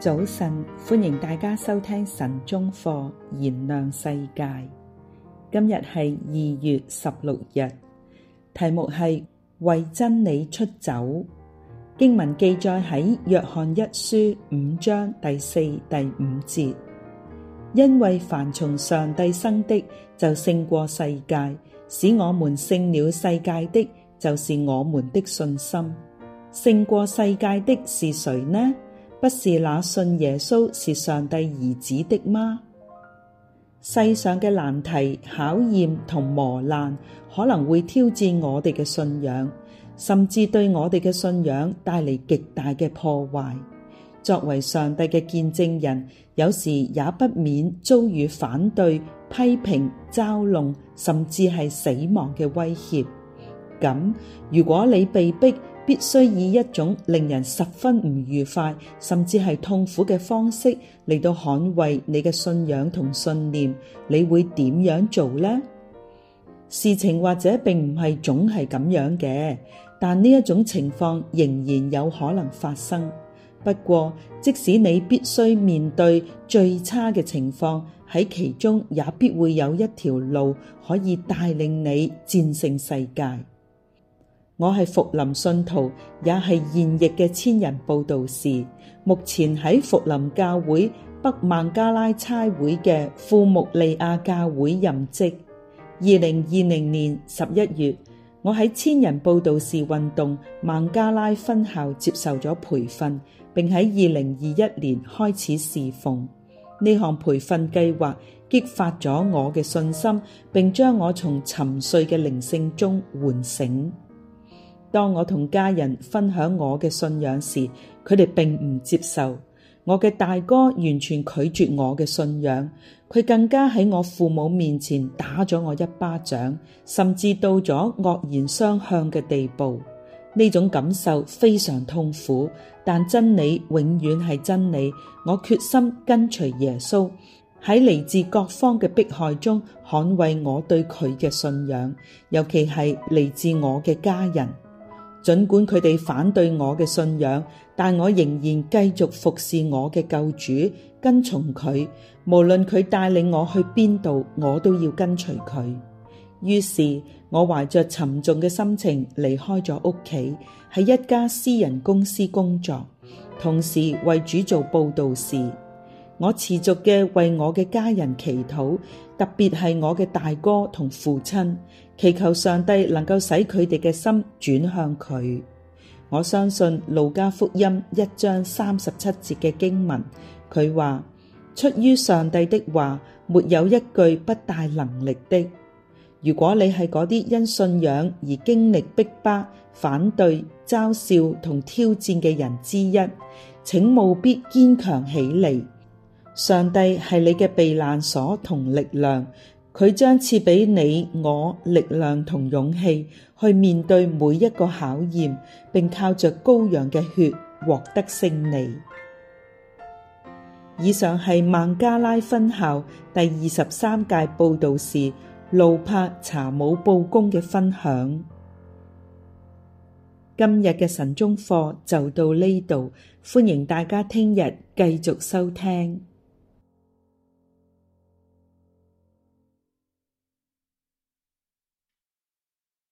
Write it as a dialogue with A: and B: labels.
A: 早晨，歡迎大家收聽晨鐘課，燃亮世界。今日係二月十六日，題目係為真理出走。經文記載喺約翰一書五章第四、第五節，因為凡從上帝生的，就勝過世界；使我們勝了世界的，就是我們的信心。勝過世界的是誰呢？不是那信耶穌是上帝兒子的嗎？世上嘅難題、考驗同磨難，可能會挑戰我哋嘅信仰，甚至對我哋嘅信仰帶嚟極大嘅破壞。作為上帝嘅見證人，有時也不免遭遇反對、批評、嘲弄，甚至係死亡嘅威脅。咁，如果你被逼，必須以一種令人十分唔愉快，甚至係痛苦嘅方式嚟到捍衛你嘅信仰同信念，你會點樣做呢？事情或者並唔係總係咁樣嘅，但呢一種情況仍然有可能發生。不過，即使你必須面對最差嘅情況，喺其中也必會有一條路可以帶領你戰勝世界。我係福林信徒，也係現役嘅千人佈道士。目前喺福林教會北孟加拉差會嘅富木利亞教會任職。二零二零年十一月，我喺千人佈道士運動孟加拉分校接受咗培訓，並喺二零二一年開始侍奉。呢項培訓計劃激發咗我嘅信心，並將我從沉睡嘅靈性中喚醒。當我同家人分享我嘅信仰時，佢哋並唔接受。我嘅大哥完全拒絕我嘅信仰，佢更加喺我父母面前打咗我一巴掌，甚至到咗惡言相向嘅地步。呢種感受非常痛苦，但真理永遠係真理。我決心跟隨耶穌，喺嚟自各方嘅迫害中捍衛我對佢嘅信仰，尤其係嚟自我嘅家人。儘管佢哋反對我嘅信仰，但我仍然繼續服侍我嘅救主，跟從佢。無論佢帶領我去邊度，我都要跟隨佢。於是我懷着沉重嘅心情離開咗屋企，喺一家私人公司工作，同時為主做佈道士。我持續嘅為我嘅家人祈禱，特別係我嘅大哥同父親，祈求上帝能夠使佢哋嘅心轉向佢。我相信路加福音一章三十七節嘅經文，佢話出於上帝的話，沒有一句不帶能力的。如果你係嗰啲因信仰而經歷逼迫、反對、嘲笑同挑戰嘅人之一，請務必堅強起嚟。上帝係你嘅避難所同力量，佢將賜俾你我力量同勇氣去面對每一個考驗，並靠着羔羊嘅血獲得勝利。以上係孟加拉分校第二十三屆佈道士路柏查姆布公嘅分享。今日嘅晨鐘課就到呢度，歡迎大家聽日繼續收聽。